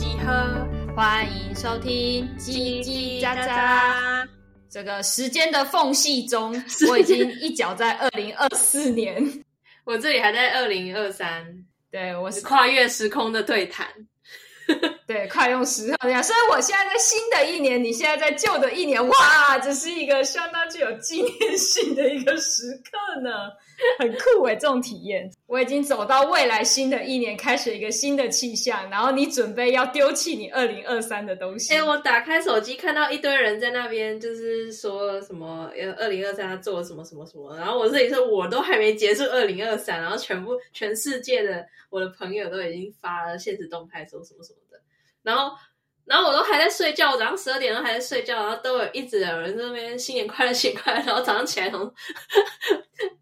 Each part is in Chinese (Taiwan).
集合，歡迎收聽《嘰嘰喳喳》。這個時間的縫隙中，我已經一腳在二零二四年， 我這裡還在二零二三。對，我是跨越時空的對談。 對對，快用時刻這樣。所以我現在在新的一年，你現在在舊的一年，哇，這是一個相當具有紀念性的一個時刻呢，很酷欸，這種體驗。我已經走到未來新的一年，開始一個新的氣象。然後你準備要丟棄你二零二三的東西。欸，我打開手機看到一堆人在那邊就是說什麼，二零二三他做了什麼什麼什麼。然後我自己說，我都還沒結束二零二三，然後全部全世界的我的朋友都已經發了限時動態說什麼什麼。然後，然後我都還在睡覺。早上十二點鐘還在睡覺，然後都有一直有人在那邊新年快樂，新年快樂。然後早上起來，呵呵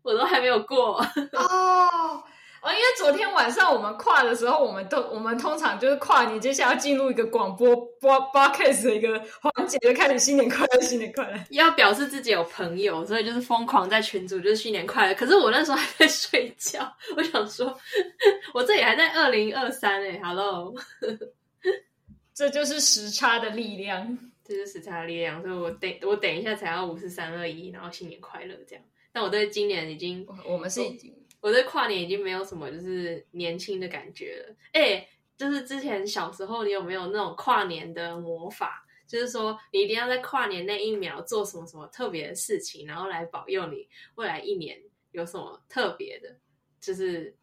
我都還沒有過哦哦，因為昨天晚上我們跨的時候，我們都我們通常就是跨年接下來要進入一個廣播 podcast 的一個環節，就開始新年快樂，新年快樂。要表示自己有朋友，所以就是瘋狂在群組就是新年快樂。可是我那時候還在睡覺，我想說，我這裡還在二零二三哎，hello。這就是時差的力量，這是時差的力量。所以我等我等一下才要五四三二一，然後新年快樂這樣。但我對今年已經我，我們是已經，我對跨年已經沒有什麼就是年輕的感覺了。欸，就是之前小時候，你有沒有那種跨年的魔法？就是說你一定要在跨年那一秒做什麼什麼特別的事情，然後來保佑你未來一年有什麼特別的，就是。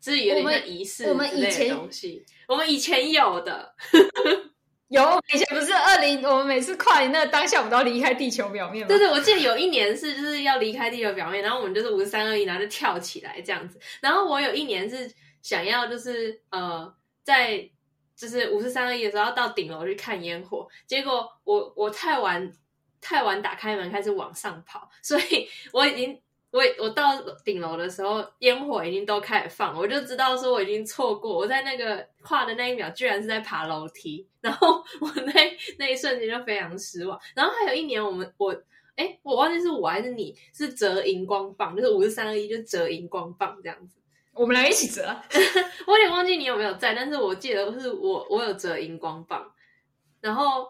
至於那個儀式類的東西，我們以前,我們以前有的， 有以前不是二零，我們每次跨年那個當下，我們都要離開地球表面嗎。對對，我記得有一年是就是要離開地球表面，然後我們就是五十三二一，然後就跳起來這樣子。然後我有一年是想要就是呃在就是五十三二一的時候要到頂樓去看煙火，結果我我太晚太晚打開門開始往上跑，所以我已經。我我到頂樓的時候，煙火已經都開始放，我就知道說我已經錯過。我在那個跨的那一秒，居然是在爬樓梯，然後我那那一瞬間就非常失望。然後還有一年我們，我們我哎，我忘記是我還是你，是折熒光棒，就是五十三二一，就是折熒光棒這樣子。我們倆一起折， 我有點忘記你有沒有在，但是我記得是我我有折熒光棒，然後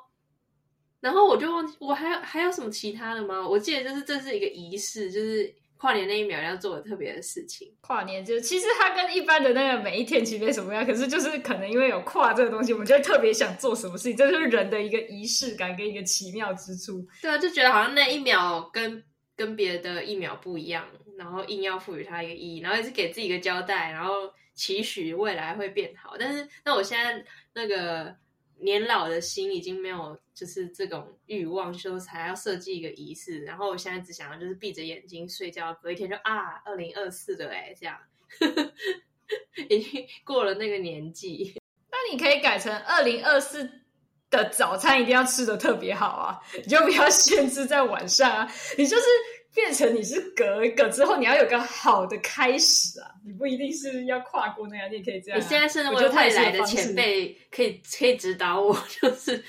然後我就忘記我還有還有什麼其他的嗎？我記得就是這是一個儀式，就是。跨年那一秒要做的特別的事情，跨年就其實它跟一般的那個每一天其實沒什麼呀，可是就是可能因為有跨這個東西，我們就特別想做什麼事情，這就是人的一個儀式感跟一個奇妙之處。對啊，就覺得好像那一秒跟跟別的一秒不一樣，然後硬要賦予它一個意義，然後也是給自己一個交代，然後期許未來會變好。但是那我現在那個。年老的心已經沒有，就是這種欲望，所以才要設計一個儀式。然後我現在只想要，就是閉着眼睛睡覺，隔一天就啊，二零二四的誒，這樣，呵呵，已經過了那個年紀。那你可以改成二零二四的早餐一定要吃得特別好啊，你就不要限制在晚上啊，你就是。變成你是隔一隔之後，你要有個好的開始啊！你不一定是要跨過那個，你也可以這樣啊。你現在是作為未來的前輩，可以可以指導我，就是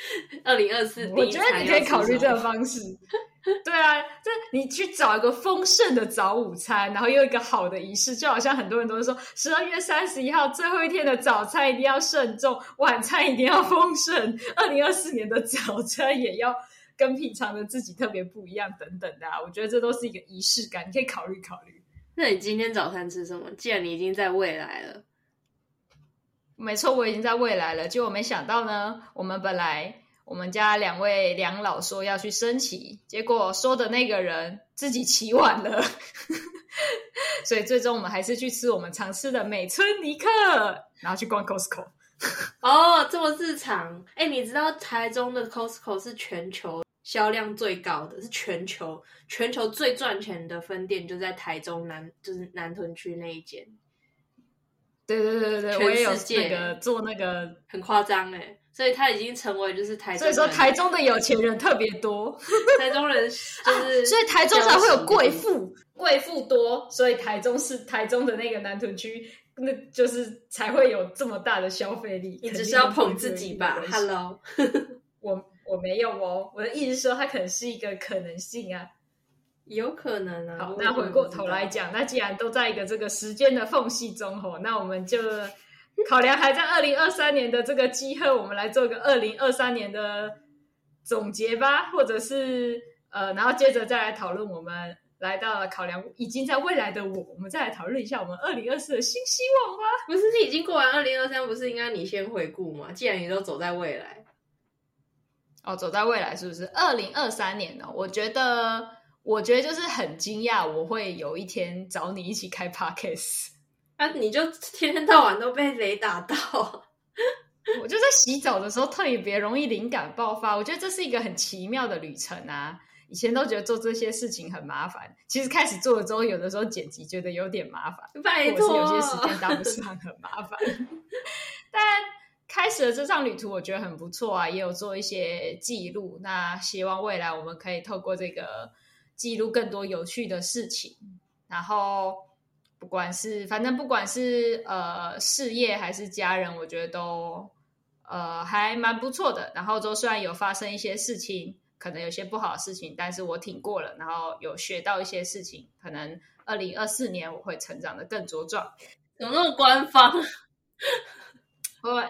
二零二四。我覺得你可以考慮這個方式。 對啊，就你去找一個豐盛的早午餐，然後又一個好的儀式，就好像很多人都說十二月三十一號最後一天的早餐一定要慎重，晚餐一定要豐盛，二零二四年的早餐也要。跟平常的自己特別不一樣，等等的，啊，我覺得這都是一個儀式感，你可以考慮考慮。那你今天早餐吃什麼？既然你已經在未來了。沒錯，我已經在未來了。結果沒想到呢，我們本來我們家兩位兩老說要去升旗，結果說的那個人自己起晚了， 所以最終我們還是去吃我們常吃的美村尼克，然後去逛 Costco。哦、 oh,，這麼日常。哎，欸，你知道台中的 Costco 是全球的？銷量最高的是全球全球最賺錢的分店，就在台中南，就是南屯區那一間。對對對對，我也有那個做那個，很誇張哎，所以它已經成為就是台，所以說台中的有錢人特別多，台中人就是，啊，所以台中才會有貴婦，貴婦多，所以台中是台中的那個南屯區，那就是才會有這麼大的消費力。你只是要捧自己吧，Hello，我。 我沒有哦，我的意思是說它可能是一個可能性啊，有可能啊。好，那回過頭來講，那既然都在一個這個時間的縫隙中，哦，那我們就考量還在二零二三年的這個機會 我們來做個二零二三年的總結吧，或者是呃，然後接着再來討論我們來到考量已經在未來的我，我們再來討論一下我們二零二四的新希望吧。 不是你已經過完二零二三，不是應該你先回顧嗎？既然你都走在未來。哦，走在未來是不是？二零二三年呢、哦？我覺得，我覺得就是很驚訝，我會有一天找你一起開 podcast 那、啊、你就天天到晚都被雷打到。 我就在洗澡的時候特別容易靈感爆發，我覺得這是一個很奇妙的旅程啊！以前都覺得做這些事情很麻煩，其實開始做了之後，有的時候剪輯覺得有點麻煩，拜託，我是有些時間搭不上很麻煩， 但。開始了這趟旅途，我覺得很不錯啊，也有做一些記錄。那希望未來我們可以透過這個記錄更多有趣的事情。然後不管是反正不管是呃事業還是家人，我覺得都呃還蠻不錯的。然後都雖然有發生一些事情，可能有些不好的事情，但是我挺過了。然後有學到一些事情，可能二零二四年我會成長得更茁壯。怎麼那麼官方？ 對。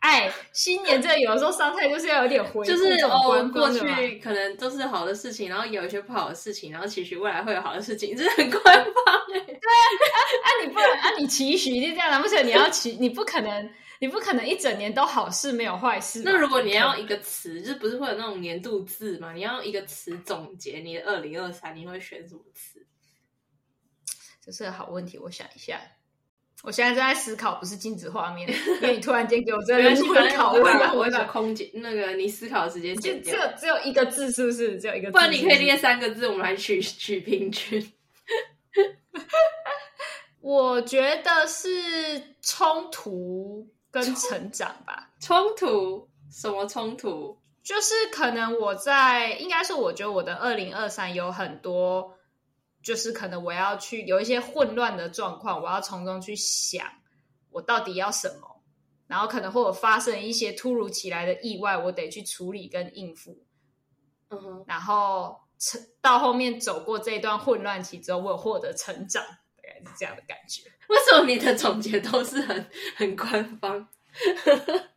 哎，新年這有的時候傷態就是要有點灰，就是我們、哦、過去可能都是好的事情，然後有一些不好的事情，然後期許未來會有好的事情，這是很官方的。對 啊，啊，啊你不能啊，你期許一定這樣，難不成你要期， 你不可能，你不可能一整年都好事沒有壞事。那如果你要一個詞，就是不是會有那種年度字嘛？你要一個詞總結你的二零二三，你會選什麼詞？這是個好問題，我想一下。我現在正在思考，不是靜止畫面，因為你突然間給我這裡會 考問，我會把空間 那個你思考的時間剪掉只，只有一個字，是不是？只有一個字是不是？不然你可以列三個字，是是，我們來取取平均。我覺得是衝突跟成長吧。衝突？什麼衝突？就是可能我在，應該是我覺得我的二零二三有很多。就是可能我要去有一些混亂的狀況，我要從中去想我到底要什麼，然後可能會有發生一些突如其來的意外，我得去處理跟應付。嗯哼，然後成到後面走過這段混亂期之後，我有獲得成長，大概是這樣的感覺。為什麼你的總結都是很很官方？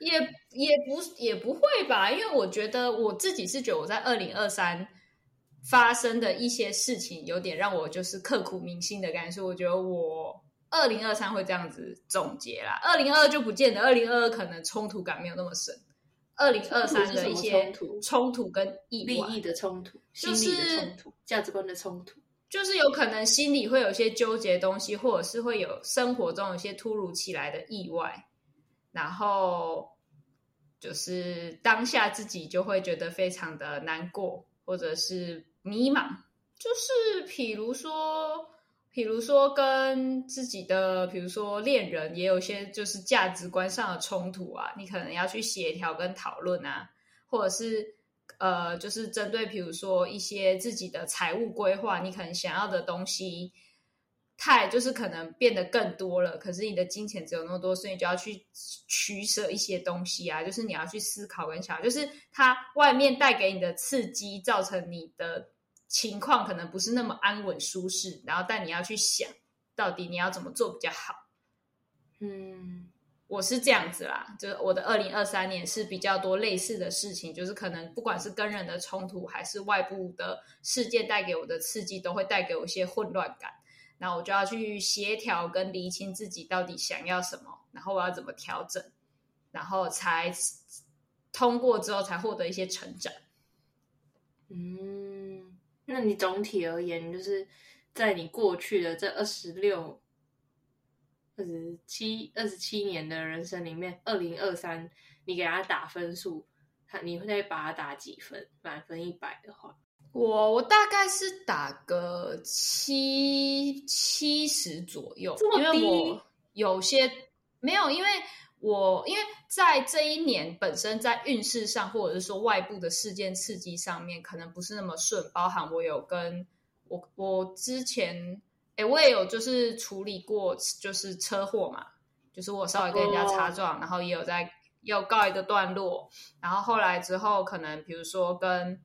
也也不也不會吧？因為我覺得我自己是覺得我在二零二三。發生的一些事情有點讓我就是刻骨銘心的感受。我覺得我二零二三會這樣子總結啦，二零二二就不見得，二零二二可能衝突感沒有那麼深，二零二三的一些衝突跟利益的衝突、就是、心理的衝突、價值觀的衝突，就是有可能心裡會有些糾結東西，或者是會有生活中有些突如其來的意外，然後就是當下自己就會覺得非常的難過，或者是。迷茫，就是譬如說，譬如說跟自己的、譬如說戀人，也有一些就是價值觀上的衝突啊，你可能要去協調跟討論啊，或者是呃，就是針對譬如說一些自己的財務規劃，你可能想要的東西太就是可能變得更多了，可是你的金錢只有那麼多，所以你就要去取捨一些東西啊，就是你要去思考跟想，就是它外面帶給你的刺激，造成你的。情況可能不是那麼安穩舒適，然後但你要去想，到底你要怎麼做比較好？嗯，我是這樣子啦，就是我的二零二三年是比較多類似的事情，就是可能不管是跟人的衝突，還是外部的世界帶給我的刺激，都會帶給我一些混亂感。那我就要去協調跟理清自己到底想要什麼，然後我要怎麼調整，然後才通過之後才獲得一些成長。嗯。那你總體而言，就是在你過去的這二十六、二十七、二十七年的人生裡面，二零二三，你給他打分數，他你會再把他打幾分？滿分一百的話，我我大概是打個七七十左右，因為我有些沒有因為。我因為在這一年本身在運勢上，或者是說外部的事件刺激上面，可能不是那麼順。包含我有跟我我之前，誒，我也有就是處理過，就是車禍嘛，就是我稍微跟人家擦撞，然後也有在要告一個段落。然後後來之後，可能比如說跟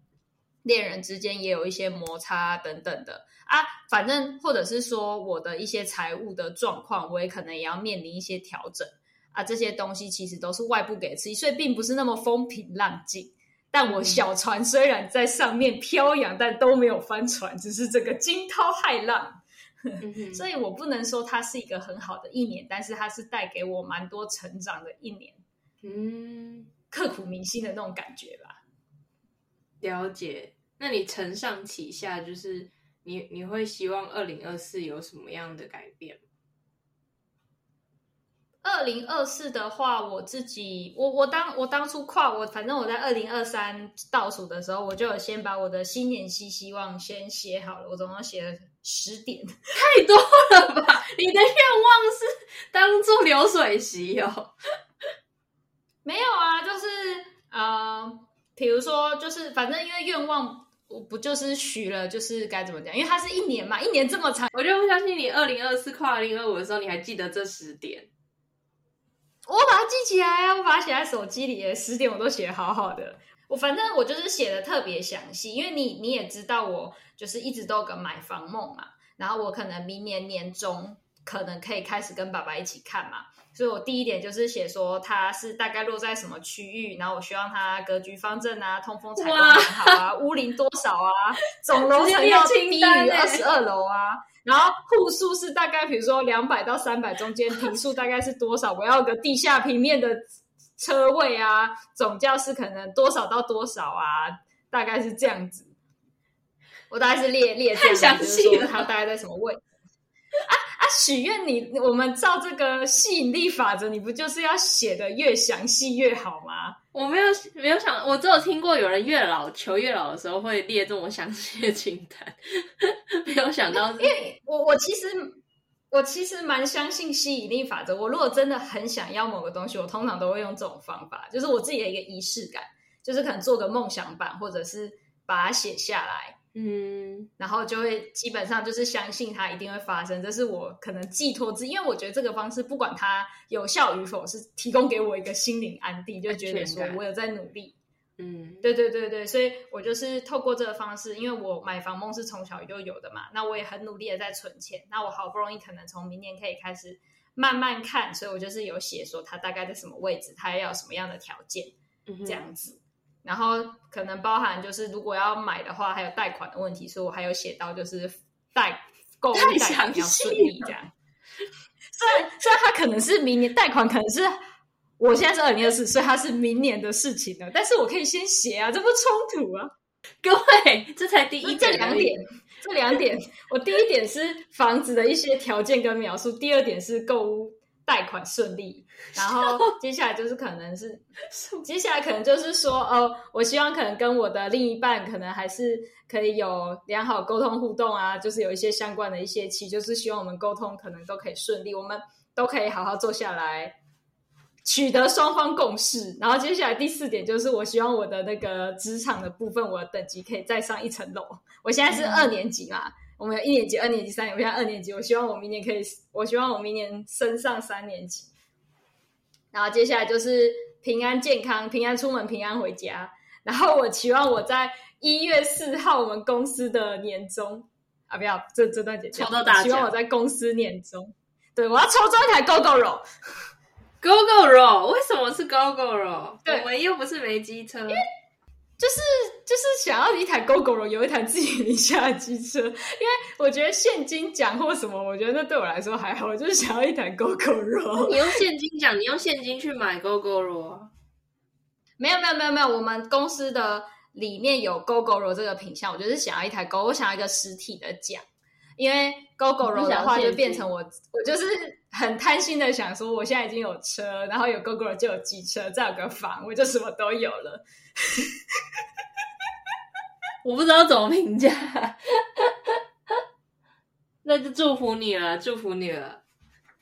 戀人之間也有一些摩擦等等的啊，反正或者是說我的一些財務的狀況，我也可能也要面臨一些調整。啊，這些東西其實都是外部給的刺激，所以並不是那麼風平浪靜。但我小船雖然在上面飄揚，嗯，但都沒有翻船，只是這個驚濤駭浪， 嗯。所以我不能說它是一個很好的一年，但是它是帶給我蠻多成長的一年。嗯，刻骨銘心的那種感覺吧。了解。那你承上啟下，就是你你會希望二零二四有什麼樣的改變？二零二四的話，我自己，我我當我當初跨我，反正我在二零二三倒數的時候，我就有先把我的新年希希望先寫好了。我總共寫了十點。太多了吧？你的願望是當做流水席哦？ 沒有啊，就是嗯、呃、比如說，就是反正因為願望，我不就是許了，就是該怎麼講？因為它是一年嘛，一年這麼長，我就不相信你二零二四跨二零二五的時候，你還記得這十點。哦，我把它記起來啊，我把它寫在手機裡耶。十點我都寫好好的，我反正我就是寫的特別詳細，因為你你也知道，我就是一直都有個買房夢嘛。然後我可能明年年中可能可以開始跟爸爸一起看嘛。所以我第一點就是寫說，它是大概落在什麼區域，然後我希望它格局方正啊，通風採光很好啊，屋齡多少啊，總樓層要低於二十二樓啊，欸，然後戶數是大概比如說兩百到三百中間，坪數大概是多少？ 我要個地下平面的車位啊，總價是可能多少到多少啊？大概是這樣子，我大概是列列這樣子，就是，說它大概在什麼位置。 啊，許願你，我們照這個吸引力法則，你不就是要寫的越詳細越好嗎？我沒有沒有想，我只有聽過有人月老求月老的時候會列這種詳細的清單呵呵，沒有想到、這個。因為我我其實我其實蠻相信吸引力法則。我如果真的很想要某個東西，我通常都會用這種方法，就是我自己的一個儀式感，就是可能做個夢想板，或者是把它寫下來。嗯，然後就會基本上就是相信它一定會發生，這是我可能寄托之，因為我覺得這個方式不管它有效與否，是提供給我一個心靈安定，就覺得說我有在努力、啊。嗯，對對對對，所以我就是透過這個方式，因為我買房夢是從小就有的嘛，那我也很努力的在存錢，那我好不容易可能從明年可以開始慢慢看，所以我就是有寫說它大概在什麼位置，它要有什麼樣的條件，嗯、這樣子。然後可能包含就是，如果要買的話，還有貸款的問題，所以我還有寫到就是貸，購買比較順利這樣。所以，所它可能是明年貸款，可能是我現在是二零二四，所以它是明年的事情的，但是我可以先寫啊，這不衝突啊，各位，這才第一點。這兩點，這兩點，我第一點是房子的一些條件跟描述，第二點是購物。貸款順利，然後接下來就是可能是 接下來可能就是說，哦，我希望可能跟我的另一半可能還是可以有良好溝通互動啊，就是有一些相關的一些期，就是希望我們溝通可能都可以順利，我們都可以好好坐下來取得雙方共識。嗯。然後接下來第四點就是，我希望我的那個職場的部分，我的等級可以再上一層樓。我現在是二年級啦我們有一年級、二年級、三年級，我現在二年級，我希望我明年可以，我希望我明年升上三年級。然後接下來就是平安健康，平安出門，平安回家。然後我希望我在一月四號我們公司的年終啊，不要這這段結束，抽到大家。希望我在公司年終，對，我要抽中一台 GOGORO GOGORO。GOGORO，為什麼是 GOGORO？對，對，我又不是沒機車。就是就是想要一台 Gogoro 有一台自己名下的機車，因為我覺得現金獎或什麼，我覺得那對我來說還好，我就是想要一台 Gogoro 你用現金獎，你用現金去買 Gogoro？ 沒有沒有沒有沒有，我們公司的裡面有 Gogoro 這個品項，我就是想要一台 Go，我想要一個實體的獎，因為。Gogoro 的話就變成我，我，我就是很貪心的想說，我現在已經有車，然後有 Gogoro 就有機車，再有個房，我就什麼都有了。 我不知道怎麼評價， 那就祝福你了，祝福你了，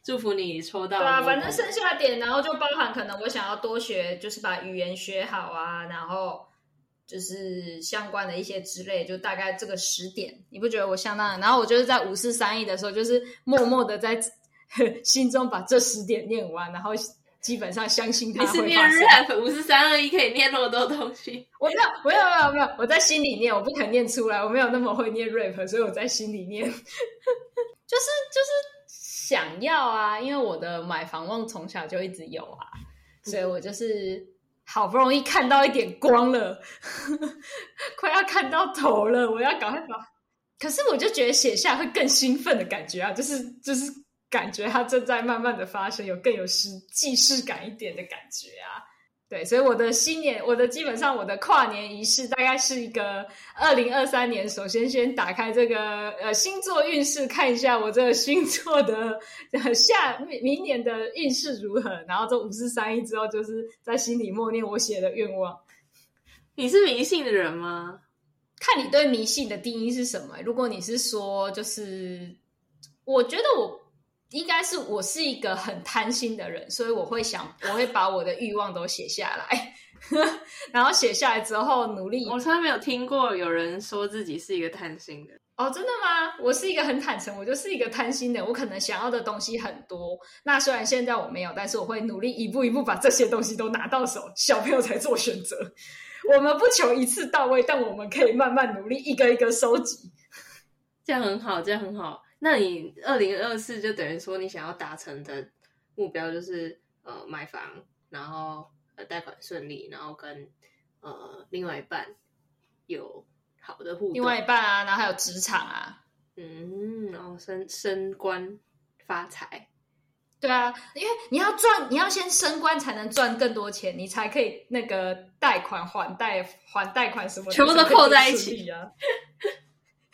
祝福你抽到。對啊，反正剩下點，然後就包含可能我想要多學，就是把語言學好啊，然後。就是相關的一些之類，就大概這個十點，你不覺得我相當的？然後我就是在五四三二一的時候，就是默默的在心中把這十點念完，然後基本上相信他會是念 rap，五四三二一可以念那麼多東西。我沒有，沒有，沒有，沒有，我在心裡念，我不肯念出來，我沒有那麼會念 rap，所以我在心裡念， 就是就是想要啊，因為我的買房夢從小就一直有啊，所以我就是。嗯好不容易看到一點光了， 快要看到頭了。我要趕快把，可是我就覺得寫下會更興奮的感覺啊，就是就是感覺它正在慢慢的發生，有更有實既視感一點的感覺啊。對，所以我的新年，我的基本上我的跨年儀式大概是一個二零二三年，首先先打開這個呃星座運勢，看一下我這個星座的下明年的運勢如何，然後這五四三一之後，就是在心裡默念我寫的願望。你是迷信的人嗎？看你對迷信的定義是什麼？如果你是說，就是我覺得我。應該是我是一個很貪心的人，所以我會想，我會把我的慾望都寫下來，呵呵，然後寫下來之後努力。我從來沒有聽過有人說自己是一個貪心的。哦，真的嗎？我是一個很坦誠，我就是一個貪心的，我可能想要的東西很多。那雖然現在我沒有，但是我會努力一步一步把這些東西都拿到手，小朋友才做選擇。 我們不求一次到位，但我們可以慢慢努力，一個一個收集。這樣很好，這樣很好。那你二零二四就等於說，你想要達成的目標就是呃買房，然後呃貸款順利，然後跟呃另外一半有好的互動，另外一半啊，然後還有職場啊，嗯，然後升升官發財，對啊，因為你要賺，你要先升官才能賺更多錢，你才可以那個貸款還貸還貸款什麼，全部都扣在一起啊。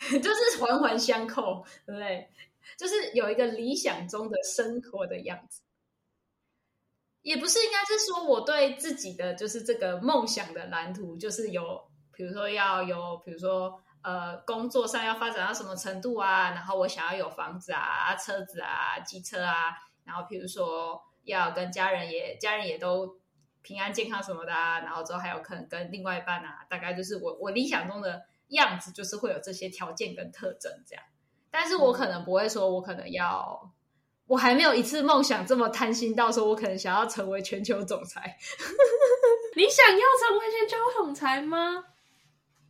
就是環環相扣，對不對？就是有一個理想中的生活的樣子，也不是，應該是說我對自己的就是這個夢想的藍圖，就是有，比如說要有，比如說呃，工作上要發展到什麼程度啊，然後我想要有房子啊、車子啊、機車啊，然後譬如說要跟家人也，家人也都平安健康什麼的，啊。然後之後還有可能跟另外一半啊，大概就是我我理想中的。樣子就是會有這些條件跟特徵這樣，但是我可能不會說，我可能要、嗯，我還沒有一次夢想這麼貪心到說，我可能想要成為全球總裁。 你想要成為全球總裁嗎？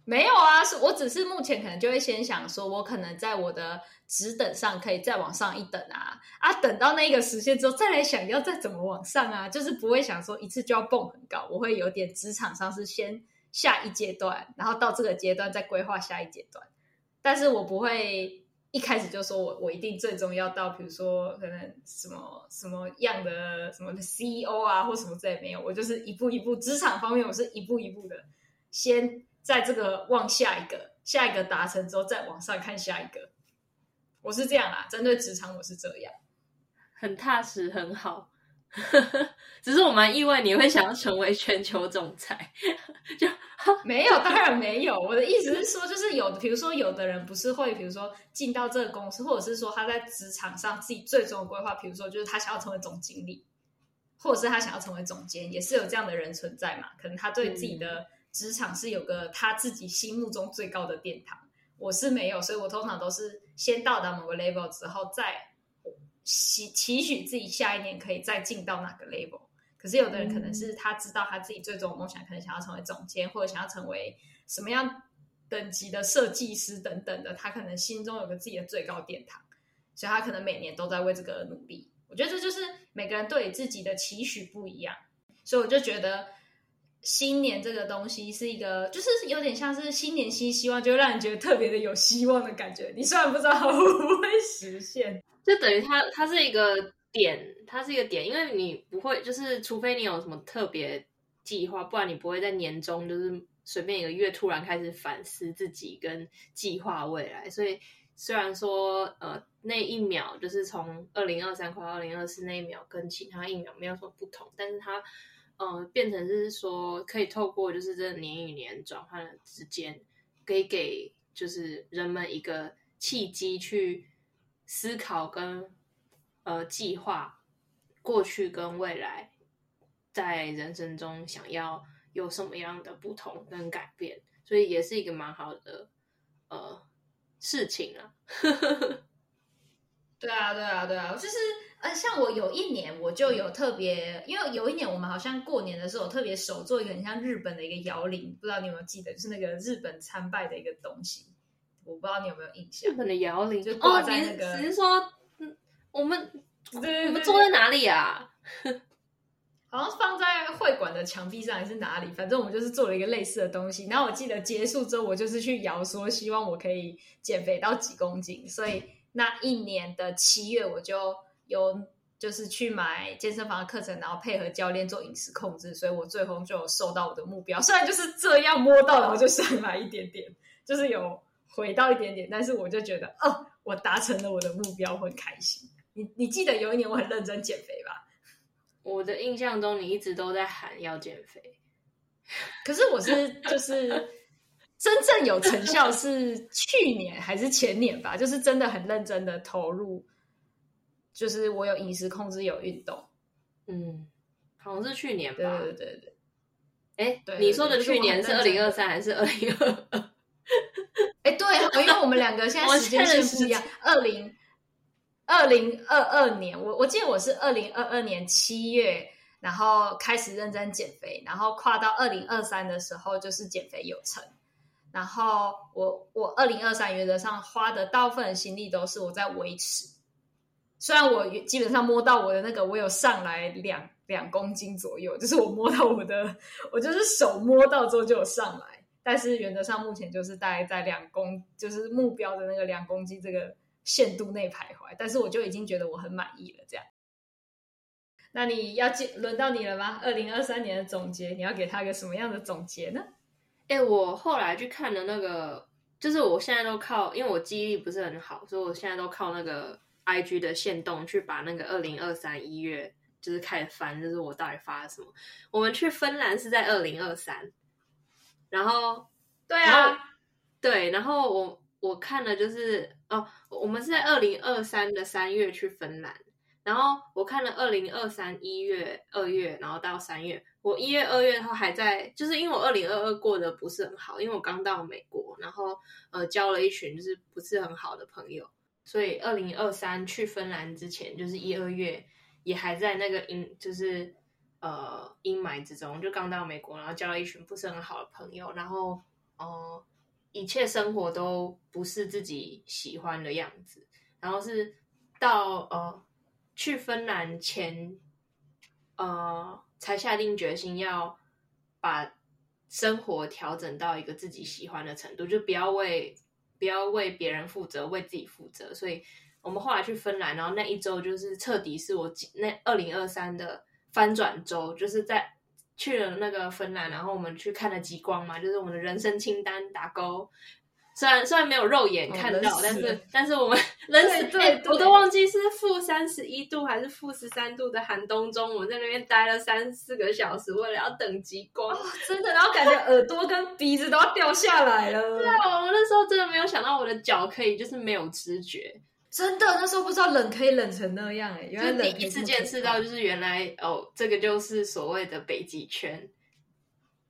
沒有啊，是我只是目前可能就會先想說，我可能在我的職等上可以再往上一等啊啊，等到那個時間之後再來想要再怎麼往上啊，就是不會想說一次就要蹦很高，我會有點職場上是先。下一階段，然後到這個階段再規劃下一階段，但是我不會一開始就說我我一定最終要到，比如說可能什麼什麼樣的什麼的 CEO 啊，或什麼之類沒有，我就是一步一步職場方面，我是一步一步的，先在這個往下一個，下一個達成之後再往上看下一個，我是這樣啦，針對職場我是這樣，很踏實，很好。呵呵，只是我蠻意外，你會想要成為全球總裁，就 沒有？當然沒有。我的意思是說，就是有，的，比如說有的人不是會，比如說進到這個公司，或者是說他在職場上自己最終的規劃，比如說就是他想要成為總經理，或者是他想要成為總監，也是有這樣的人存在嘛，可能他對自己的職場是有個他自己心目中最高的殿堂。我是沒有，所以我通常都是先到達某個 level 之後再。期期許自己下一年可以再進到哪個 level，可是有的人可能是他知道他自己最終的夢想，可能想要成為總監、嗯，或者想要成為什麼樣等級的設計師等等的，他可能心中有個自己的最高的殿堂，所以他可能每年都在為這個努力。我覺得這就是每個人對自己的期許不一樣，所以我就覺得新年這個東西是一個，就是有點像是新年新希望，就會讓人覺得特別的有希望的感覺。你雖然不知道它會不會實現。就等於它，它是一個點，它是一個點，因為你不會，就是除非你有什麼特別計劃，不然你不會在年中就是隨便一個月突然開始反思自己跟計劃未來。所以雖然說，呃，那一秒就是從二零二三跨到二零二四那一秒跟其他一秒沒有什麼不同，但是它，呃，變成是說可以透過就是這年與年轉換之間，可以給就是人們一個契機去。思考跟呃計劃，過去跟未來，在人生中想要有什麼樣的不同跟改變，所以也是一個蠻好的呃事情啊， 啊。對啊，對啊，對啊，就是呃，像我有一年我就有特別、嗯，因為有一年我們好像過年的時候我特別手做一個很像日本的一個搖鈴，不知道你有沒有記得，就是那個日本參拜的一個東西。我不知道你有沒有印象，可能搖鈴就掛在那個。只、哦、是說，我們對對對，我們坐在哪裡啊？好像放在會館的牆壁上，還是哪裡？反正我們就是做了一個類似的東西。然後我記得結束之後，我就是去搖，說希望我可以減肥到幾公斤。所以那一年的七月，我就有就是去買健身房的課程，然後配合教練做飲食控制。所以我最後就瘦到我的目標。雖然就是這樣摸到了，然後就上來一點點，就是有。回到一點點，但是我就覺得，哦，我達成了我的目標，我很開心。你你記得有一年我很認真減肥吧？我的印象中，你一直都在喊要減肥，可是我是就是 真正有成效是去年還是前年吧？就是真的很認真的投入，就是我有飲食控制，有運動，嗯，好像是去年吧？對對對對，欸、對對對，你說的去年是二零二三還是二零二二？ 因為我們兩個現在時間是不一樣，二零二零二二年，我我記得我是二零二二年七月，然後開始認真減肥，然後跨到二零二三的時候就是減肥有成，然後我我二零二三原則上花的大部分的心力都是我在維持，雖然我基本上摸到我的那個我有上來兩兩公斤左右，就是我摸到我的，我就是手摸到之後就有上來。但是原則上目前就是大概在兩公，就是目標的那個兩公斤這個限度內徘徊。但是我就已經覺得我很滿意了，這樣。那你要進輪到你了嗎？二零二三年的總結，你要給他一個什麼樣的總結呢？哎、欸，我後來去看了那個，就是我現在都靠，因為我記憶力不是很好，所以我現在都靠那個 I G 的限動去把那個二零二三一月就是開始翻，就是我到底發了什麼。我們去芬蘭是在二零二三。然後，對啊，對，然後我我看了就是哦，我們是在二零二三的三月去芬蘭，然後我看了二零二三一月、二月，然後到三月，我一月、二月後還在，就是因為我二零二二過得不是很好，因為我剛到美國，然後呃交了一群就是不是很好的朋友，所以二零二三去芬蘭之前就是一、二月也還在那個英就是。呃，陰霾之中，就剛到美國，然後交了一群不是很好的朋友，然後，呃，一切生活都不是自己喜歡的樣子。然後是到呃去芬蘭前，呃，才下定決心要把生活調整到一個自己喜歡的程度，就不要為不要為別人負責，為自己負責。所以我們後來去芬蘭，然後那一周就是徹底是我，那二零二三的。翻轉周就是在去了那個芬蘭，然後我們去看了極光嘛，就是我們的人生清單打勾。雖然雖然沒有肉眼看到，哦、但是但是我們人死對，對，對、欸，我都忘記是負三十一度還是負十三度的寒冬中，我們在那邊待了三四個小時，為了要等極光，哦，真的，然後感覺耳朵跟鼻子都要掉下來了。 對啊，我那時候真的沒有想到我的腳可以就是沒有知覺。真的，那時候不知道冷可以冷成那樣哎、欸，因為第一次見識到，就是原來哦，這個就是所謂的北極圈。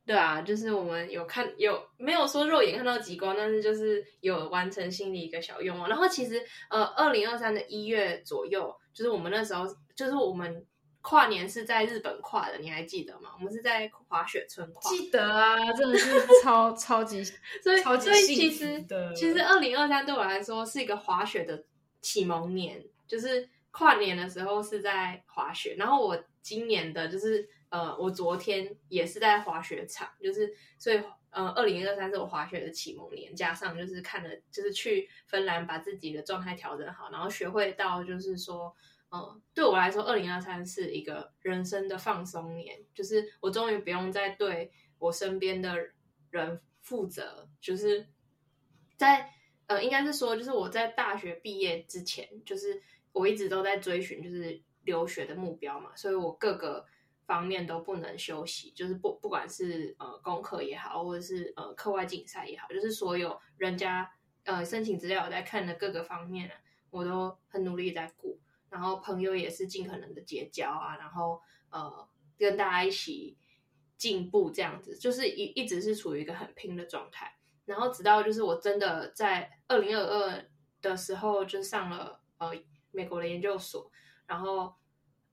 對啊，就是我們有看，有，沒有說肉眼看到極光，但是就是有完成心裡一個小願望。然後其實呃，二零二三的一月左右，就是我們那時候，就是我們跨年是在日本跨的，你還記得嗎？我們是在滑雪村跨的。記得啊，真的是超 超級，所以超級，所以其實其實二零二三對我來說是一個滑雪的啟蒙年，就是跨年的時候是在滑雪，然後我今年的就是呃，我昨天也是在滑雪場，就是所以呃，二零二三是我滑雪的啟蒙年，加上就是看了就是去芬蘭把自己的狀態調整好，然後學會到就是說，嗯、呃，對我來說，二零二三是一個人生的放鬆年，就是我終於不用再對我身邊的人負責，就是在。呃，應該是說，就是我在大學畢業之前，就是我一直都在追尋，就是留學的目標嘛，所以我各個方面都不能休息，就是不不管是呃功課也好，或者是呃課外競賽也好，就是所有人家呃申請資料我在看的各個方面啊，我都很努力在顧，然後朋友也是盡可能的結交啊，然後呃跟大家一起進步這樣子，就是一一直是處於一個很拼的狀態。然後直到就是我真的在二零二二的時候就上了呃美國的研究所，然後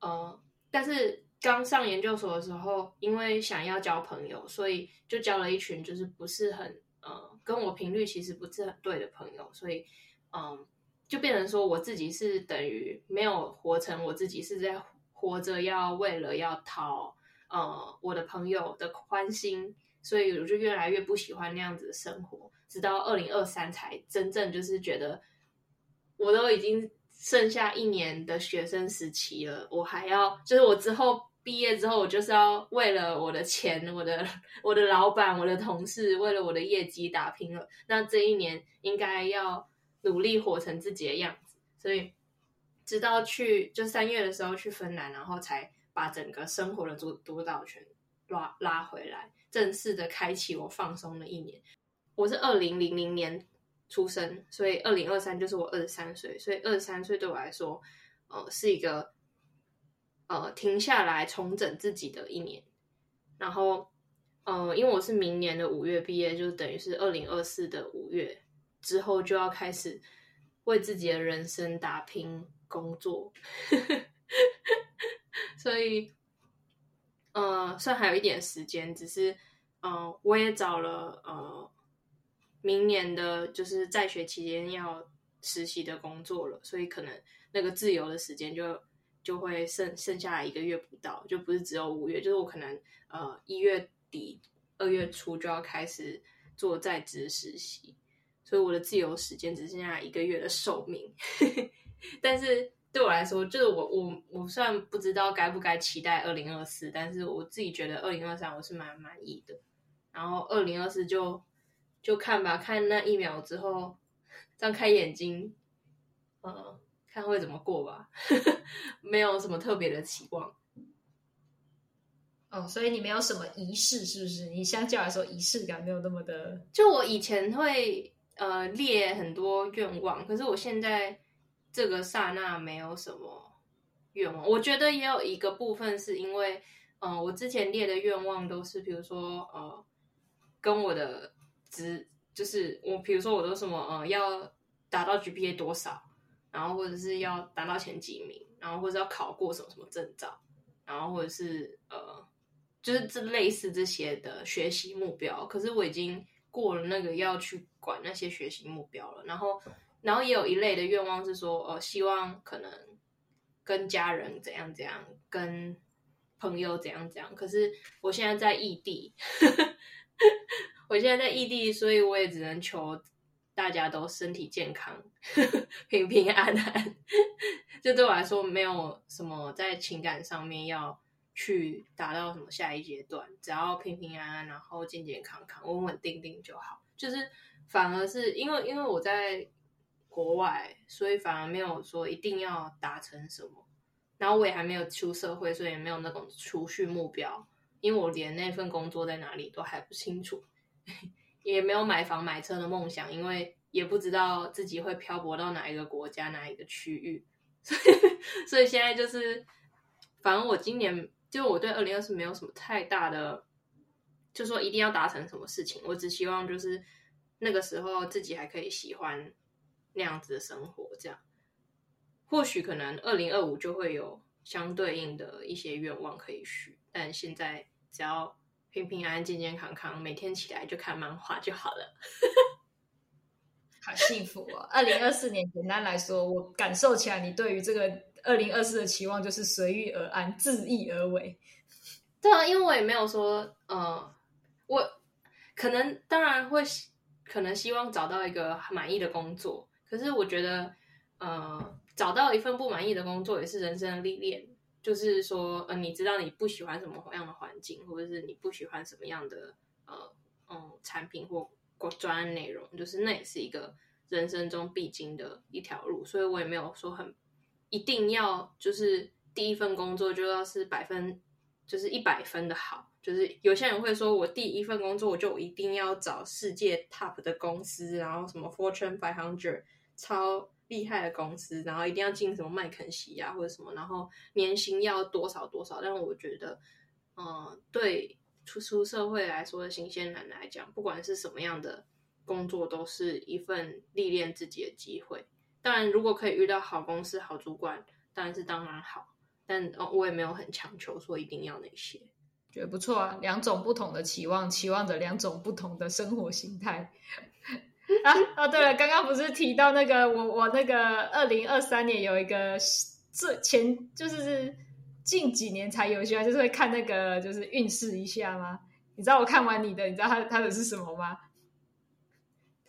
呃，但是剛上研究所的時候，因為想要交朋友，所以就交了一群就是不是很呃跟我頻率其實不是很對的朋友，所以嗯、呃，就變成說我自己是等於沒有活成我自己，是在活着要為了要討呃我的朋友的歡心。所以我就越來越不喜歡那樣子的生活，直到二零二三才真正就是覺得，我都已經剩下一年的學生時期了，我還要就是我之後畢業之後，我就是要為了我的錢、我的我的老板、我的同事，為了我的業績打拼了。那這一年應該要努力活成自己的樣子。所以直到去就三月的時候去芬蘭，然後才把整個生活的主主導權拉拉回來。正式的開啟我放鬆的一年，我是二零零零年出生，所以二零二三就是我二十三歲，所以二十三歲對我來說，呃，是一個呃停下來重整自己的一年。然後，呃，因為我是明年的五月畢業，就等於是二零二四的五月之後就要開始為自己的人生打拼工作， 所以。呃，算還有一點時間，只是，呃，我也找了呃，明年的就是在學期間要實習的工作了，所以可能那個自由的時間就就會剩剩下一個月不到，就不是只有五月，就是我可能呃一月底二月初就要開始做在職實習，所以我的自由時間只剩下一個月的壽命，呵呵，但是。對我來說，就是我我我算不知道該不該期待二零二四，但是我自己覺得二零二三我是蠻滿意的，然後二零二四就就看吧，看那一秒之後張開眼睛，呃，看會怎麼過吧， 沒有什麼特別的期望。哦，所以你沒有什麼儀式，是不是？你相較來說儀式感沒有那麼的。就我以前會呃列很多願望，可是我現在。這個剎那沒有什麼願望，我覺得也有一個部分是因為，嗯、呃，我之前列的願望都是，比如說，呃，跟我的職，就是我，比如說我都什麼，呃，要達到 GPA 多少，然後或者是要達到前幾名，然後或者要考過什麼什麼證照，然後或者是呃，就是這類似這些的學習目標。可是我已經過了那個要去管那些學習目標了，然後。然後也有一類的願望是說，哦，希望可能跟家人怎樣怎樣，跟朋友怎樣怎樣。可是我現在在異地，呵呵，我現在在異地，所以我也只能求大家都身體健康呵呵，平平安安。就對我來說，沒有什麼在情感上面要去達到什麼下一階段，只要平平安安，然後健健康康、穩穩定定就好。就是反而是因為，因為我在。國外，所以反而沒有說一定要達成什麼。然後我也還沒有出社會，所以也沒有那種儲蓄目標。因為我連那份工作在哪裡都還不清楚，也沒有買房買車的夢想，因為也不知道自己會漂泊到哪一個國家、哪一個區域。所以，所以現在就是，反而我今年就我對二零二四沒有什麼太大的，就說一定要達成什麼事情。我只希望就是那個時候自己還可以喜歡。那樣子的生活。這樣或許可能二零二五就會有相對應的一些願望可以許。但現在只要平平安安、健健康康，每天起來就看漫畫就好了， 好幸福哦！二零二四年簡單來說， 我感受起來，你對於這個二零二四的期望就是隨遇而安、自意而為。對啊，因為我也沒有說，呃，我可能當然會可能希望找到一個滿意的工作。可是我覺得，呃，找到一份不滿意的工作也是人生的歷練。就是說，呃，你知道你不喜歡什麼樣的環境，或者是你不喜歡什麼樣的呃，嗯，產品或或專案內容，就是那也是一個人生中必經的一條路。所以我也沒有說很一定要，就是第一份工作就要是百分，就是一百分的好。就是有些人會說我第一份工作我就一定要找世界 top 的公司，然後什麼 Fortune 500。超厲害的公司，然後一定要進什麼麥肯錫呀、啊、或者什麼，然後年薪要多少多少。但我覺得，嗯、呃，對初出、出社會來說，新鮮人來講，不管是什麼樣的工作，都是一份歷練自己的機會。當然，如果可以遇到好公司、好主管，當然是當然好。但、哦、我也沒有很強求說一定要那些，覺得不錯啊。兩種不同的期望，期望着兩種不同的生活形態。 啊哦、啊，對了，剛剛不是提到那個我我那個二零二三年有一個最前就是近幾年才有學，就是會看那個就是運勢一下嗎？你知道我看完你的，你知道他他的是什麼嗎？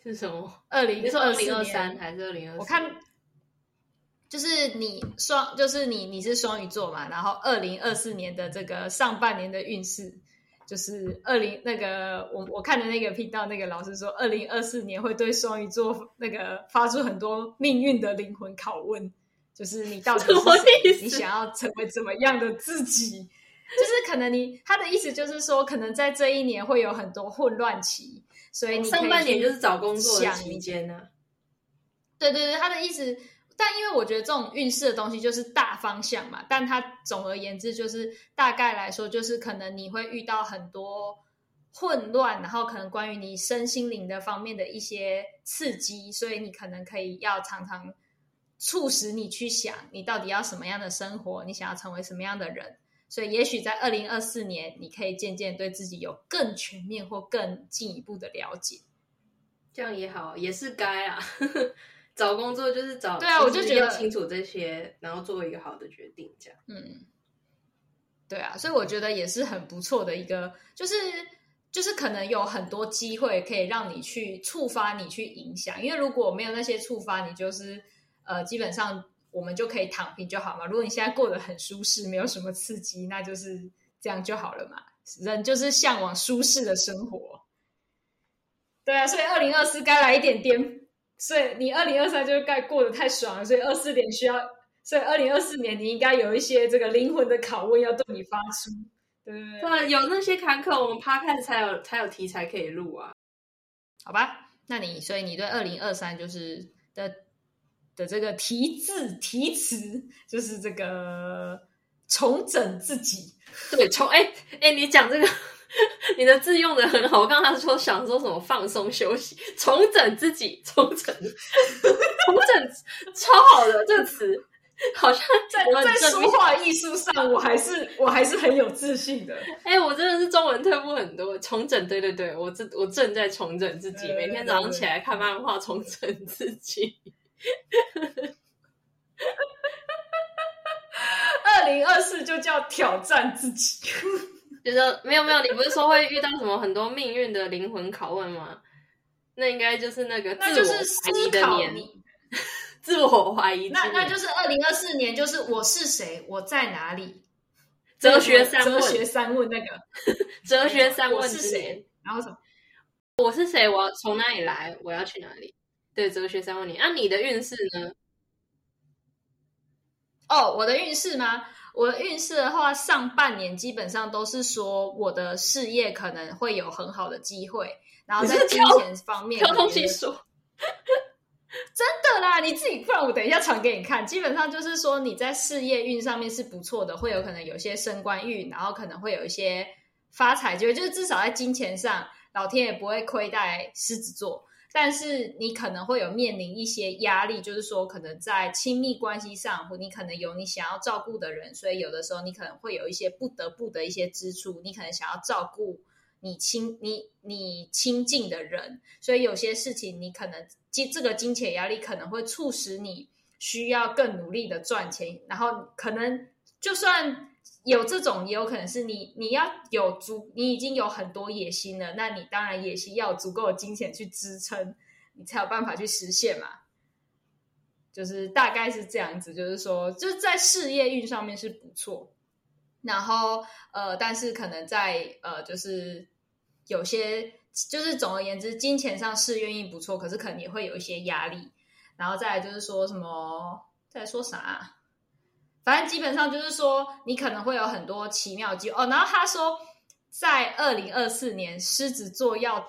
是什麼？二零是二零二三還是二零二四？我看就是你雙，就是你你是雙魚座嘛？然後二零二四年的這個上半年的運勢。就是二零那個我我看的那個頻道那個老師說，二零二四年會對雙魚座那個發出很多命運的靈魂拷問，就是你到底是你想要成為怎麼樣的自己？就是可能你他的意思就是說，可能在這一年會有很多混亂期，所以你上半年就是找工作的期間呢。對對對，他的意思。但因為我覺得這種運勢的東西就是大方向嘛，但它總而言之就是大概來說就是可能你會遇到很多混亂，然後可能關於你身心靈的方面的一些刺激，所以你可能可以要常常促使你去想，你到底要什麼樣的生活，你想要成為什麼樣的人。所以也許在二零二四年，你可以漸漸對自己有更全面或更進一步的了解。這樣也好，也是該啊。 找工作就是找對啊，我就覺得清楚這些，然後做一個好的決定，這樣。嗯，對啊，所以我覺得也是很不錯的一個，就是就是可能有很多機會可以讓你去觸發你去影響，因為如果沒有那些觸發，你就是呃，基本上我們就可以躺平就好了嘛。如果你現在過得很舒適，沒有什麼刺激，那就是這樣就好了嘛。人就是嚮往舒適的生活。對啊，所以2024該來一點顛。所以你二零二三就是該過得太爽了，所以二四年需要，所以二零二四年你應該有一些這個靈魂的拷問要對你發出。對對，對，有那些坎坷，我們趴看才有才有題材可以錄啊，好吧？那你所以你對二零二三就是的的這個題字題詞就是這個重整自己，對，重哎哎你講這個。你的字用得很好，我剛剛說想說什麼放鬆休息，重整自己，重整，重整， 超好的這個詞，好像在在書畫藝術上，我還是我還是很有自信的。哎，我真的是中文退步很多，重整，對對對，我正我正在重整自己，每天早上起來看漫畫，重整自己。二零二四就叫挑戰自己。就是沒有沒有，你不是說會遇到什麼很多命運的靈魂拷問嗎？那應該就是那個自我懷疑的年， 自我懷疑。那那就是二零二四年，就是我是誰，我在哪裡？哲學三問，哲學三問那個 哲學三問之年我是誰。然後什麼？我是誰？我從哪裡來？我要去哪裡？對，哲學三問你，那、啊、你的運勢呢？哦，我的運勢嗎？我的運勢的話，上半年基本上都是說我的事業可能會有很好的機會，然後在金錢方面，挑東西說 真的啦，你自己不然我等一下傳給你看。基本上就是說你在事業運上面是不錯的，會有可能有些升官運，然後可能會有一些發財機會，就是至少在金錢上，老天也不會虧待獅子座。但是你可能會有面臨一些壓力，就是說可能在親密關係上，或你可能有你想要照顧的人，所以有的時候你可能會有一些不得不的一些支出，你可能想要照顧你親你你親近的人，所以有些事情你可能這這個金錢壓力可能會促使你需要更努力的賺錢，然後可能就算。有這種也有可能是你，你要有足，你已經有很多野心了，那你當然野心要足夠的金錢去支撐，你才有辦法去實現嘛。就是大概是這樣子，就是說，就是在事業運上面是不錯，然後呃，但是可能在呃，就是有些，就是總而言之，金錢上是運氣不錯，可是可能也會有一些壓力。然後再來就是說什麼，再來說啥啊？反正基本上就是說，你可能會有很多奇妙機會哦。然後他說，在二零二四年，獅子座要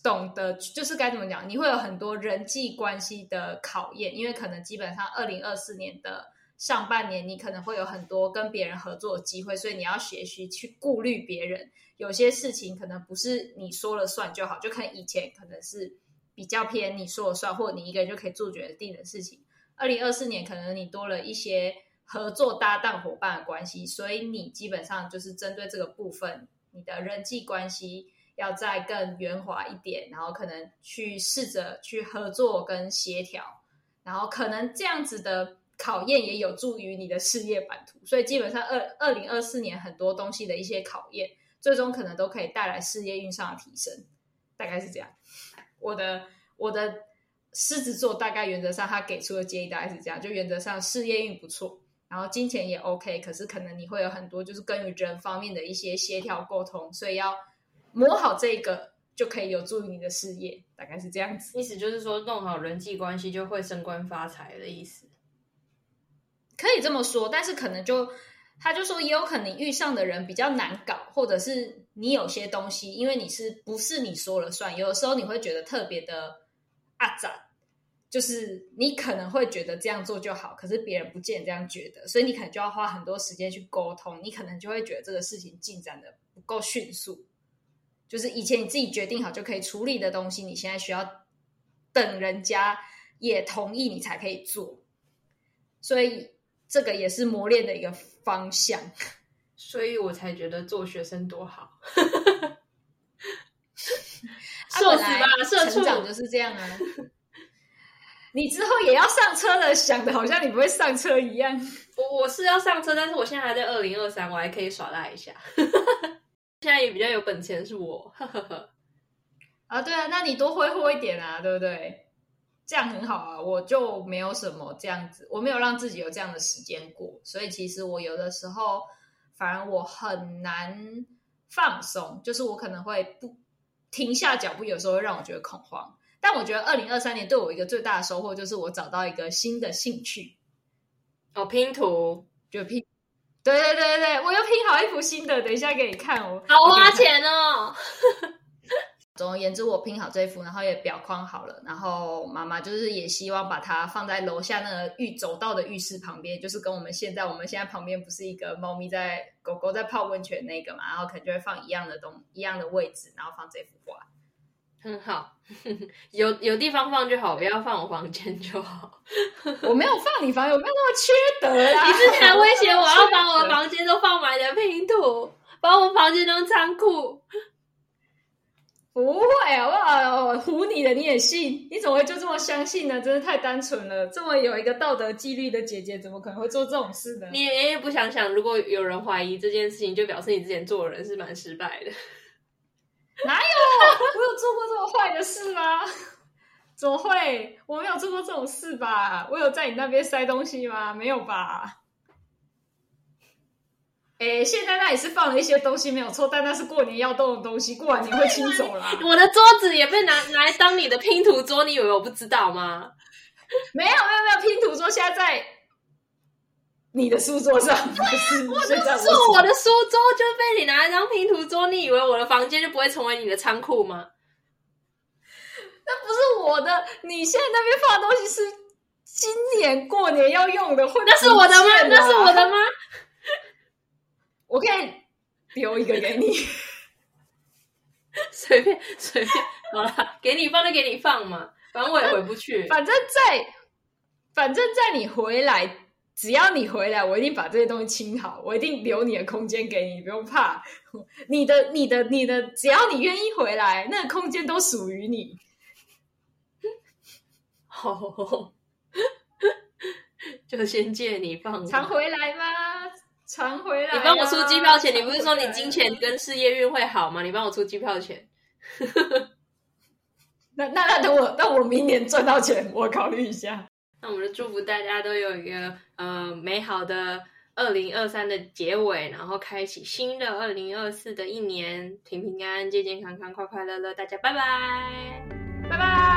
懂得就是該怎麼講，你會有很多人際關係的考驗，因為可能基本上二零二四年的上半年，你可能會有很多跟別人合作的機會，所以你要學習去顧慮別人。有些事情可能不是你說了算就好，就看以前可能是比較偏你說了算，或你一個人就可以做決定的事情。二零二四年可能你多了一些。合作搭檔夥伴的關係，所以你基本上就是針對這個部分，你的人際關係要再更圓滑一點，然後可能去試着去合作跟協調，然後可能這樣子的考驗也有助於你的事業版圖。所以基本上二二零二四年很多東西的一些考驗，最終可能都可以帶來事業運上的提升，大概是這樣。我的我的獅子座大概原則上他給出的建議大概是這樣，就原則上事業運不錯。然後金錢也 OK，可是可能你會有很多就是跟與人方面的一些協調溝通，所以要磨好這個就可以有助於你的事業，大概是這樣子。意思就是說弄好人際關係就會升官發財的意思。可以這麼說，但是可能就他就說也有可能遇上的人比較難搞，或者是你有些東西，因為你是不是你說了算，有的時候你會覺得特別的壓榨。就是你可能會覺得這樣做就好，可是別人不見得這樣覺得，所以你可能就要花很多時間去溝通。你可能就會覺得這個事情進展得不夠迅速，就是以前你自己決定好就可以處理的東西，你現在需要等人家也同意你才可以做。所以這個也是磨練的一個方向。所以我才覺得做學生多好，社死吧，社畜就是這樣啊。你之後也要上車了，想的好像你不會上車一樣。我我是要上車，但是我現在還在二零二三，我還可以耍賴一下。 現在也比較有本錢，是我。 啊，對啊，那你多揮霍一點啊，對不對？這樣很好啊，我就沒有什麼這樣子，我沒有讓自己有這樣的時間過，所以其實我有的時候，反而我很難放鬆，就是我可能會不停下腳步，有時候會讓我覺得恐慌。但我覺得二零二三年對我一個最大的收穫就是我找到一個新的興趣，哦，拼圖就拼。對對對對，我又拼好一幅新的，等一下給你看哦，好花錢哦。 總而言之，我拼好這幅，然後也裱框好了，然後媽媽就是也希望把它放在樓下那個浴走道的浴室旁邊，就是跟我們現在我們現在旁邊不是一個貓咪在狗狗在泡溫泉那個嘛，然後可能就會放一樣的東一樣的位置，然後放這幅畫。很好，有有地方放就好，不要放我房間就好。 我沒有放你房，我沒有那麼缺德啊？你之前威脅我要把我的房間都放滿你的拼圖，我把我房間當倉庫，不會啊！我唬你的，你也信？你怎麼會就這麼相信呢？真是太單純了。這麼有一個道德紀律的姐姐，怎麼可能會做這種事呢？你也，也不想想，如果有人懷疑這件事情，就表示你之前做人是蠻失敗的。 哪有？我有做過這麼壞的事嗎？怎麼會？我沒有做過這種事吧？我有在你那邊塞東西嗎？沒有吧？哎、欸，現在那裡是放了一些東西，沒有錯，但那是過年要動的東西，過完年你會清走了。 我的桌子也被拿拿來當你的拼圖桌，你以為我不知道嗎？ 沒有，沒有，沒有拼圖桌，現在在你的書桌上，對呀、啊，我就是我的書桌就被你拿一張拼圖桌，你以為我的房間就不會成為你的倉庫嗎？ 那不是我的，你現在那邊放的東西是今年過年要用的，那是我的嗎？那是我的嗎？ 我可以丟一個給你， 隨便隨便好了，給你放就給你放嘛，反正我也回不去，反正，反正在，反正在你回來。只要你回來，我一定把這些東西清好，我一定留你的空間給你，不用怕。你的、你的、你的，只要你願意回來，那個空間都屬於你。好、 oh,， 就先借你放。常回來嗎？常回來、啊。你幫我出機票錢，你不是說你金錢跟事業運會好嗎？你幫我出機票錢。呵呵呵那那那，等我，那我明年賺到錢，我考慮一下。那我們就祝福大家都有一個呃，美好的二零二三的結尾，然後開啟新的二零二四的一年，平平安安、健健康康、快快樂樂，大家拜拜，拜拜。拜拜。